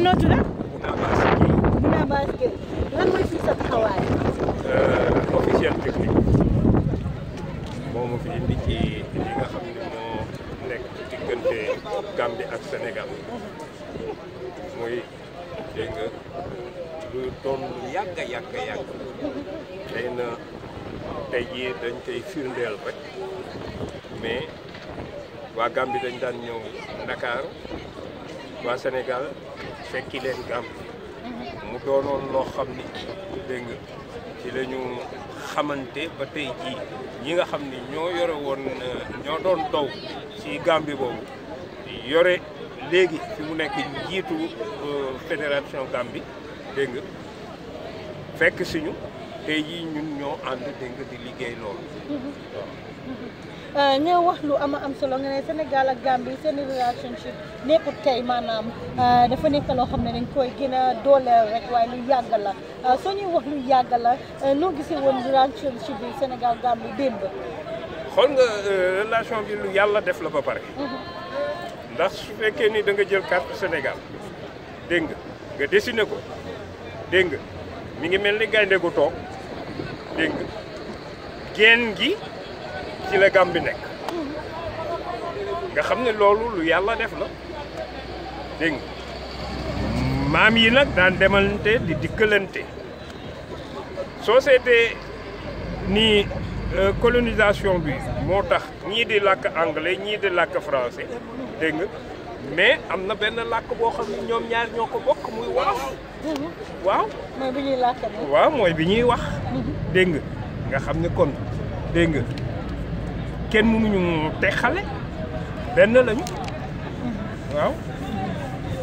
noo tudd Mouna moom moo fi indi ci li nga xam ne moo nekk diggante Gambie ak Sénégal mooy dégg nga lu doon yàgg a yàgg a yàgg na tey dañ koy firndeel rek mais waa Gambie dañ daan ñëw Dakar waa Sénégal fekki leen Gambie mu doonoon loo xam ni dégg nga ci la xamante ba tey jii ñi nga xam ni ñoo yore woon ñoo doon daw ci Gambie boobu yore léegi fi mu nekk njiitu euh, fédération Gambie dégg nga fekk suñu te jii ñun ñoo ànd dégg nga di liggéey loolu waaw euh, wax lu ama am solo nga ne Sénégal ak Gambie seen relationship nekkut tey maanaam euh, dafa nekk loo xam ne dañ koy gën a dooleel rek waaye lu yàgg la euh, soo ñuy wax lu yàgg la noo gisee woon relationship bi Sénégal Gambie démb. xool nga relation bi lu yàlla def la ba pare. ndax su fekkee ni da jël carte Sénégal dégg nga nga dessiné ko dégg nga ngi mel ni gaynde gu toog. dégg geen gi ci legam bi nekk nga xam ne loolu lu yàlla def na dégg maam yi nag daan demalante di dikkalante soo seetee ni euh, colonisation bi moo tax ñii di làkk anglais ñii di làkk français dégg mais am na benn làkk boo xam ne ñoom ñaar ñoo ko bokk muy wolof waaw mooy bi ñuy wax mhm. dégg nga nga xam ne kon dégg nga kenn mënuñu texale benn lañu mhm. waaw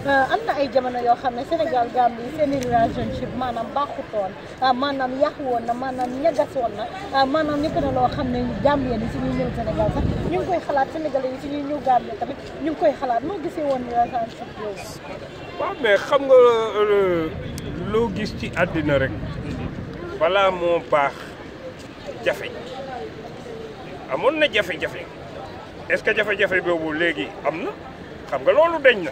Euh, am na ay jamono yoo xam ne Sénégal Gambie seen i relationship maanaam baaxutoon euh, maanaam yàqu woon na maanaam ñagas na euh, maanaam nekk na loo xam ne Gambien yi si ñuy ñëw Sénégal sax ñu ngi koy xalaat Sénégalais yi si ñuy ñëw Gambie tamit ñu ngi koy xalaat noo gisee woon relationship yooyu. nga loo gis ci àddina rek balaa moo baax jafe amoon na jafe-jafe est-ce que jafe-jafe boobu léegi am na xam nga loolu dañ na.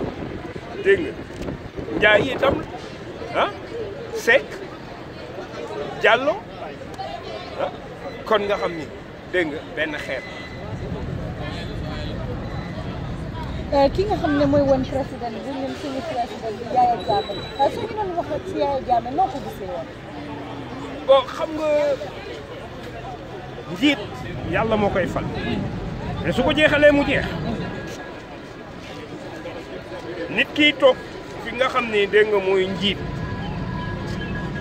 dégg nga Ndiaye itam ah Seck ah, kon nga xam ni dégg benn xeet. Euh, ki nga xam ne mooy woon président bi ñun suñu président bi Yaya Jammeh euh, su ñu doon wax ci Yaya Jammeh noo ko gisee woon. bon xam nga njiit yàlla moo koy fal mais su ko jeexalee mu jeex. nit kii toog fi nga xam ni dégg nga mooy njiit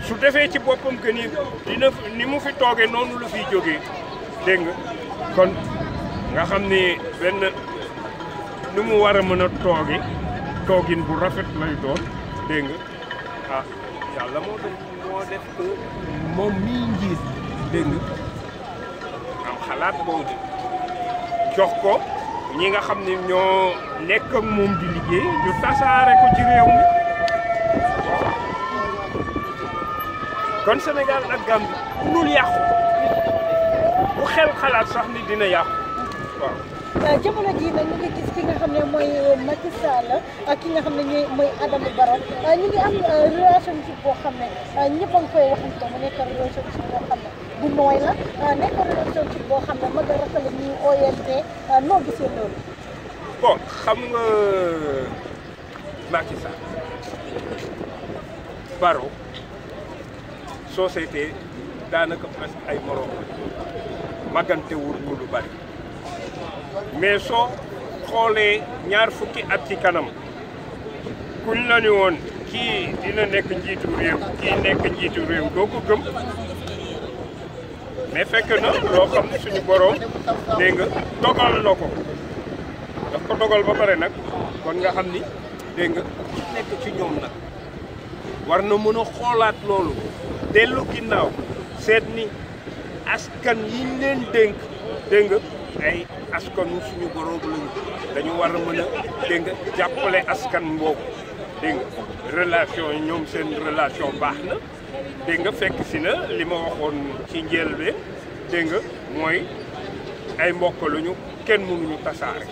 su defee ci boppam que ni dina ni mu fi toogee noonu la fi jóge dégg kon nga xam ni benn nu mu war mën a tooge toogin bu rafet lay doon dégg nga ah yàlla moo def moo moom mii njiit dégg nga xalaat boobu jox ko. ñi nga xam ne ñoo nekk ak moom di liggéey ñu tasaare ko ci réew mi kon Sénégal ak Gambie munul yàqu bu xel xalaat sax ni dina yàqu waaw. Euh, jamono jii nag ñu nga xam ne mooy euh, Macky Sall ak ki nga xam ne ñooy mooy Adama Barrow euh, ñu ngi am relationship boo xam ne ñëpp a ngi koy waxante mu nekk relationship boo xam ne. bu nooy la nekk relation ci daanaka presque ay morom maggantewul ñu lu mais soo xoolee ñaar fukki at ci kanam kuñ la ñu woon kii dina nekk njiitu réew kii nekk njiitu réew doo ko gëm. mais fekk na loo xam ne suñu boroom dégg nga dogal na ko daf ko dogal ba pare nag kon nga xam ni dégg nga ci nekk ci ñoom nag war na mën xoolaat loolu dellu ginnaaw seet ni askan yi leen dénk dégg nga ay askanu suñu boroom lañu dañu war a mën a nga jàppale askan boobu dégg nga relation yi ñoom seen relation baax na dégg nga fekk na li ma waxoon ci njëlbeen dégg mooy ay mbokk luñu kenn mënuñu tasaare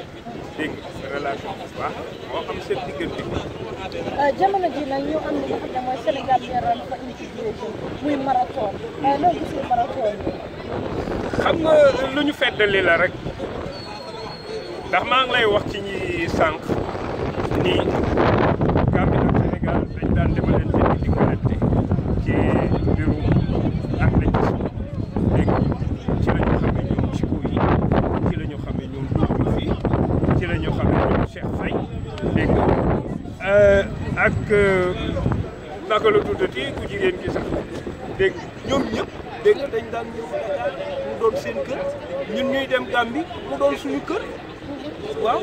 dégg relation bu baax moo am seen diggante. Euh, jamono ji nag ñu am li nga xam ne mooy Sénégal bi ren fa indi muy marathon euh, loo gisee marathon xam nga lu ñu feddali la rek ndax maa ngi lay wax ci ñi sànq nii Gambie Sénégal dañ daan demaleen Euh, ak euh, naka la tuddati ku jigéen gi sax dégg ñoom ñëpp dégg dañ daan ñëw Dakar mu doon seen kër ñun ñuy dem Gambie mu doon suñu kër waaw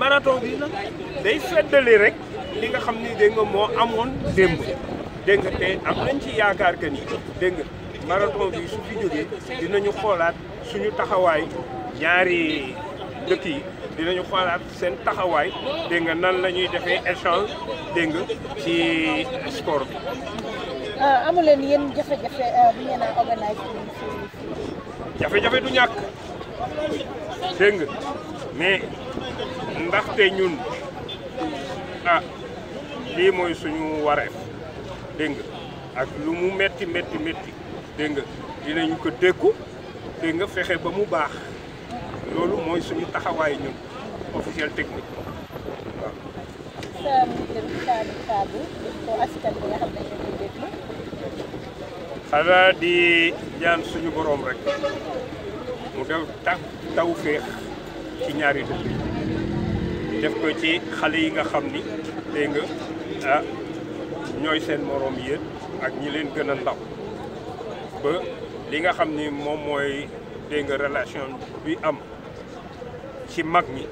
marathon bi nag day feddali rek li nga xam ni dégg nga moo amoon démb dégg nga te am nañ ci yaakaar que ni dégg nga marathon bi su jógee dinañu xoolaat suñu taxawaay ñaari dëkk yi. dinañu xoolaat seen taxawaay dégg nga nan la ñuy defee échange dégg nga ci sport bi. Euh, amu leen euh, jafe-jafe du ñàkk dégg nga mais ndaxte ñun a ah, lii mooy suñu wareef dégg nga ak lu mu metti metti metti dégg nga dinañ ko dékku dégg nga fexe ba mu baax. loolu mooy suñu taxawaay ñun officiel technique xanaa di ñaan suñu boroom rekk mu def taw féex ci ñaari def ko ci xale yi nga xam ni dégg ah ñooy seen moroom yéen ak ñi leen gën a ndaw ba li nga xam ni moom mooy dégg nga relation bi am ci mag ñi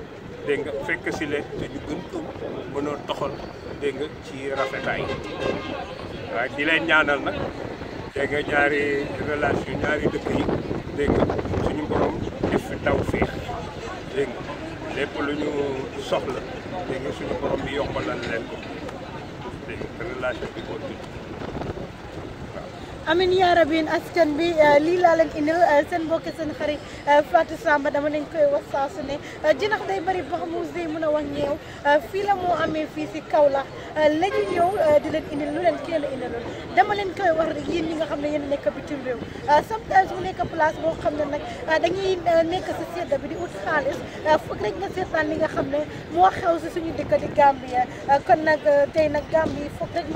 dégg nga fekk si leen te ñu gën ko mënoo toxal dégg nga ci rafetaay waaye di leen ñaanal nag dégg ñaari relation ñaari dëkk yi dégg suñu borom def taw féex lépp lu ñu soxla dégg nga suñu borom bi yombalal leen ko dégg relation bi continué. amin yaa rabin askan bi eh, lii laa leen indil eh, seen mbokk seen xarit eh, Fatou Samba dama leen koy wax saa su ne jinax day bëri ba xamus day a wax ñeew fii la moo amee fii si kaw la ñu ñëw di leen indil lu leen kenn indiloon dama leen koy wax rek yéen nga xam ne yéen nekk bitim réew sometimes mu nekk place boo xam ne nag dañuy nekk si sedda bi di ut xaalis foog rek nga seetaan li nga xam ne moo xew si suñu dëkk di Gambia kon nag tey nag Gambie foog rek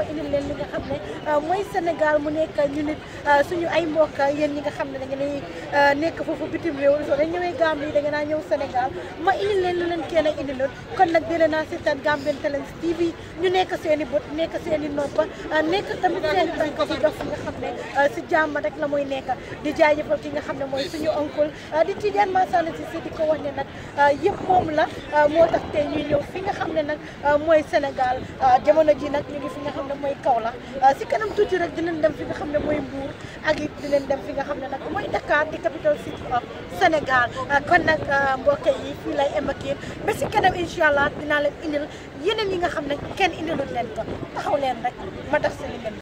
ñu nit ah, suñu ay mbokk yéen ñi nga xam ne da ngeen a ah, nekk foofu bitim réew soo leen ñëwee Gambie da ngeen a ñëw Sénégal ma indil leen lu leen kenn a indiloon kon nag dina naa seetaan ñu nekk seen i bët seen i nopp ah, nekk tamit seen tànk ci si jàmm rek la muy nekk di jaajëfal ki nga xam ne mooy suñu oncle di Tidjane Massaly Cissé di ko wax ne nag yëpp moom la moo tax tey ñuy ñëw fi nga xam ne nag mooy Sénégal jamono ji nag ñu ngi fi nga xam ne mooy Kaolack si kanam tuuti rek dinañ dem fi nga xam ne mooy Mbour ak di leen dem fi nga xam ne nag mooy Dakar di capital city of Sénégal ah, kon nag ah, mbokk yi fii lay em ak yéen ba si kanam incha allah dinaa leen indil yeneen nga xam ne ken indilu leen ko taxaw leen rek ma def seen